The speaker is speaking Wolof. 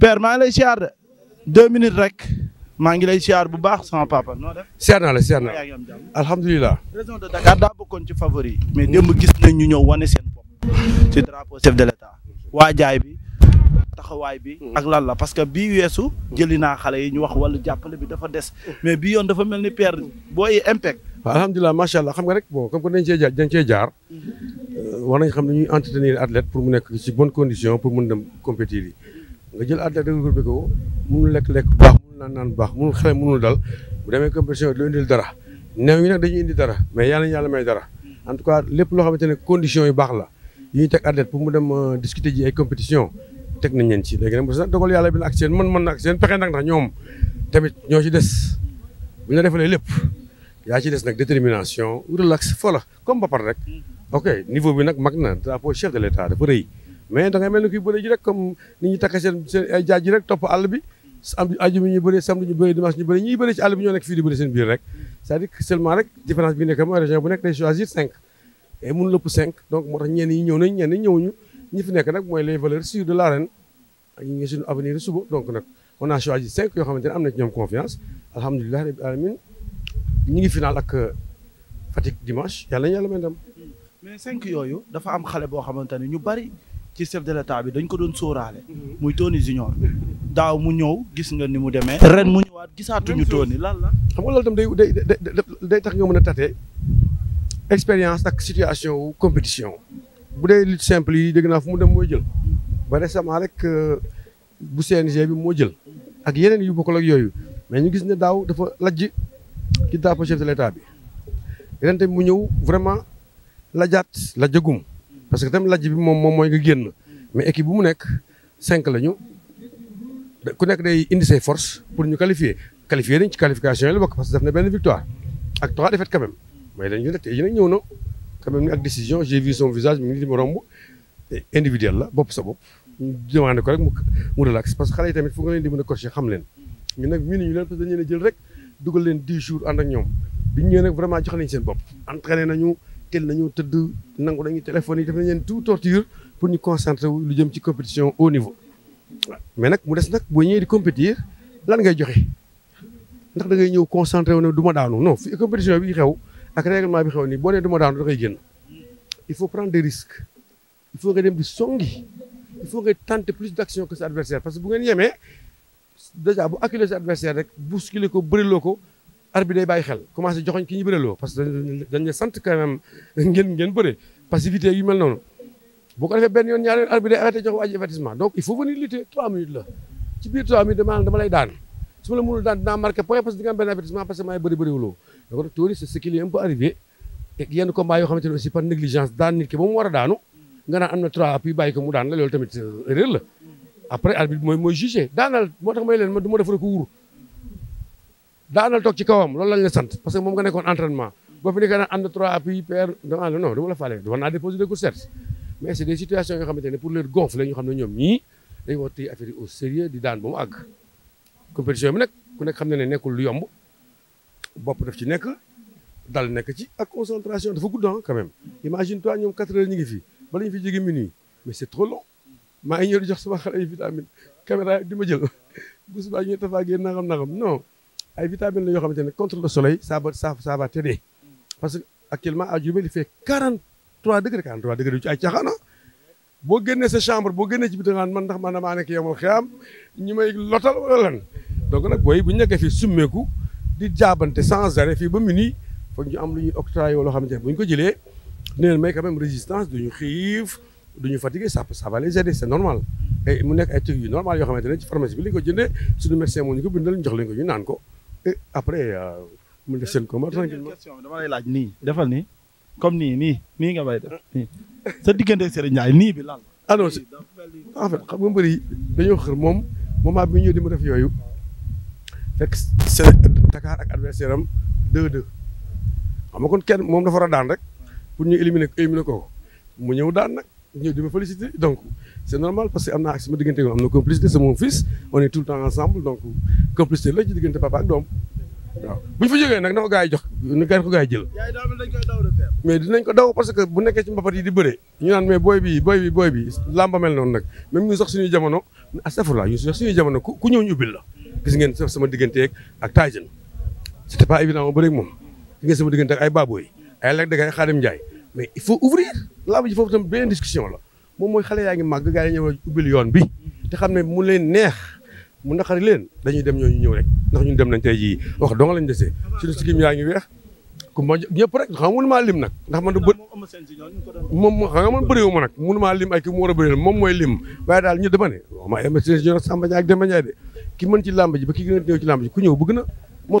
père maa ngi lay siyaar de deux minutes rek maa ngi lay siyaar bu baax sama papa noo def. siyaar naa la siyaar naa alhamdulilah. région de Dakar daa bokkoon ci favori mais démb gis nañ ñu ñëw wane seen bopp ci drapeau chef de l'état waajaay bi taxawaay bi ak lan la parce que bii weesu jëli naa xale yi ñu wax wala jàppale bi dafa des mais bii yoon dafa mel ni per booy impact. waaw alhamdulilah macha allah xam nga rek bon comme que dañ cee jaar dañ cee jaar euh, war nañ xam ne ñuy entretenir athlète pour mu nekk ci bonne condition pour mun dem compétir yi. nga jël athlète danga ko ko lekk-lekk bu baax mënul naan naan bu baax mënul xale mënul dal bu demee compétition du indil dara néew yi nag dañuy indi dara mais yàlla yàlla may dara en tout cas lépp loo xamante ne conditions yi baax la yi ñu teg athlète pour mu dem euh, discuter ji ay compétition teg nañ leen ci léegi nag mos na dogal bi ak seen mën-mën na ak seen pexe tamit ñoo ci des bu ñu la defalee lépp yaa ci des nag détermination relax fo comme ba pare rek ok niveau bi nag mag na drapeau chef de l'état dafa rëy mais da ngay mel ni kuy bëree ji rek comme ni ñu takk seen seen ay jaaj ji rek topp àll bi am ajuma ñu bëree samedi ñu bëree dimanche ñu bëree ñuy bëri seen biir rek c'est-à-dire que seulement rek différence bi nekk mooy région bu nekk day choisir cinq et mënu lëpp cinq donc moo tax ñenn yi ñëw nañ ñenn fi nekk nag mooy les valeurs sûres de l'arène ak ñi ngi suñu avenir suba donc nag on a choisi cinq yoo xamante ne am na ci ñoom confiance alhamdulilah rabbil alamin ñi ngi final ak euh, Fatick dimanche yàlla ñu yàlla may ndam mais cinq yooyu dafa am xale boo xamante ne ñu bari ci chef de l'état bi dañ ko doon sóoraale. Mhm. muy Tony Junior. daaw mu ñëw gis nga ni mu demee. ren mu ñëwaat gisaatuñu Tony lan la. xam nga loolu tam day day day tax nga mën a tate expérience ak situation wu compétition bu dee lutte simple yi dégg naa fu mu dem mooy jël. ba récemment rek euh, bu seeni CNG bi moo jël. ak yeneen yu ko ak yooyu mais ñu gis ne daaw dafa lajj ci daapo chef de l'état bi ren tamit mu ñëw vraiment lajaat lajjagum. parce que tam lajj bi moom moom mooy nga génn mais équipe bu mu nekk cinq lañu ku nekk day indi say force pour ñu qualifier qualifier nañ ci qualification yi la bokk parce que na benn victoire ak trois défaites quand même nag ñëw na quand même ak décision j'ai vu visage mi ngi di ma romb individuel la bopp sa bopp ñu demandé ko rek mu relax parce que xale yi tamit fu nga leen di mën a coacher xam leen ñu ñu leen parce que dañu leen jël rek dugal leen dix jours ànd ak ñoom biñ ñëwee nag vraiment jox nañ seen bopp teel nañoo tëdd nangu nañu téléphone yi def nañ leen tout torture pour ñu concentrer wu lu jëm ci compétition au niveau mais nag mu des nag boo ñëwee di compétir lan ngay joxe ndax da ngay ñëw concentré wu ne du ma daanu non fi compétition bi xew ak règlement bi xew nii boo nee du ma daanu da koy génn il faut prendre des risques il faut nga dem di songi il faut nga tenter plus d' action que sa adversaire parce que bu ngeen yemee déjà bu acculé sa adversaire rek bousculer ko bëriloo ko arbitre bi day bàyyi xel commencé joxoñ ki ñu bëreloo parce que sant quand ngeen ngeen passivité yu mel noonu boo ko defee benn yoon ñaari yoon jox waa ji donc il faut venir lutter trois minutes la ci biir trois daan daan dinaa point parce que benn avertissement parce maay bëri bëri wuloo donc tuuri c'est ce qui lui est un peu arrivé te yenn combat yoo négligence daan nit ki ba mu war daanu nga naan am na trois appuis bàyyi ko mu daan la loolu euh, la après arbitre daa àndal toog ci kawam loolu lañ la sant parce que moom nga nekkoon entraînement boo fi nekkee naan ànd trois appui PR ah, c'est des situations yoo xamante ne pour leur gonfler ñu xam ne ñoom ñii dañ war tey affaire au sérieux di daan ba mu àgg compétition bi nag ku nekk xam ne ne lu yomb bopp daf ci nekk dal nekk ci ak concentration dafa guddan ah, quand même imagine toi ñoom quatre heures ñu ngi fi bala ñu fi jóge minuit mais c'est trop long maa ngi di jox ma jël ay vitamines la yoo xamante ne contre le soleil ça va ça mm. parce que actuellement à Diourbel il fait 43 degrés 43 degrés ci ay caaxaan ah. boo génnee sa chambre boo génnee ci biti nga man ndax man damaa nekk yomal xiyaam ñu may lotal wala bu ñu nekkee fii summeeku di jaabante sans arrêt fii ba minuit foog ñu am loo xamante ne bu ñu ko jëlee dina leen may résistance du ñu xiif du ñu fatigué ça ça va normal. Mm. mu nekk ay trucs yu normal yoo xamante ne ci pharmacie bi ko jëndee suñu médecin moo ñu ko bindal ñu jox leen ñu naan ko. Eh, après euh, mun def seen ko ma tranquillement question dama lay laaj nii defal nii comme nii nii nii nga bay def ah. nii sa diggante Serigne Ndiaye nii bi lan ah non en fait xam nga mbër yi dañoo xër moom moment bi ñëw di ma def yooyu fekk Dakar ak adversaire am 2-2 xam nga kon kenn moom dafa war a daan rek pour ñu éliminer éliminer ko mu ñëw daan nag ñëw di ma donc c'est normal parce que am naa ak sama diggante am na complicité c'est mon fils on est tout le temps ensemble donc complicité la ci diggante papa ak doom bu ñu fa jógee nag na ko gars jox na ko gars yi jël. mais dinañ ko daw parce que bu nekkee ci mbapat yi di bëre. ñu naan mais booy bi booy bi booy bi làmba mel noonu nag même ñu sax suñuy jamono astafurlah ñu sax suñuy jamono ku ñëw ñu ubbil la. gis ngeen sax sama digganteeg ak Tyson c'était pas évident ma bëre ak moom gis ngeen sama digganteeg ay ay Lac de Guiers ay Khadim Ndiaye mais il faut ouvrir làmb ji foofu tam benn discussion la. moom mooy xale yaa ngi màgg gars yi ñëw ubbil yoon bi te xam ne mu leen neex mu naqari leen dañuy dem ñooñu ñëw rek ndax ñun dem nañ tey jii wax dong lañ desee suñu sikkim yaa ngi weex ku ma ñëpp rek xam nga mënu maa lim nag ndax man ma nag mënu maa lim ay ki mu war a moom mooy lim waaye daal ñu dama ne ma Emerson Junior Samba Ndiaye ak Demba Ndiaye de ki mën ci làmb ji ba ki gën a néew ci làmb ji ku ñëw bëgg na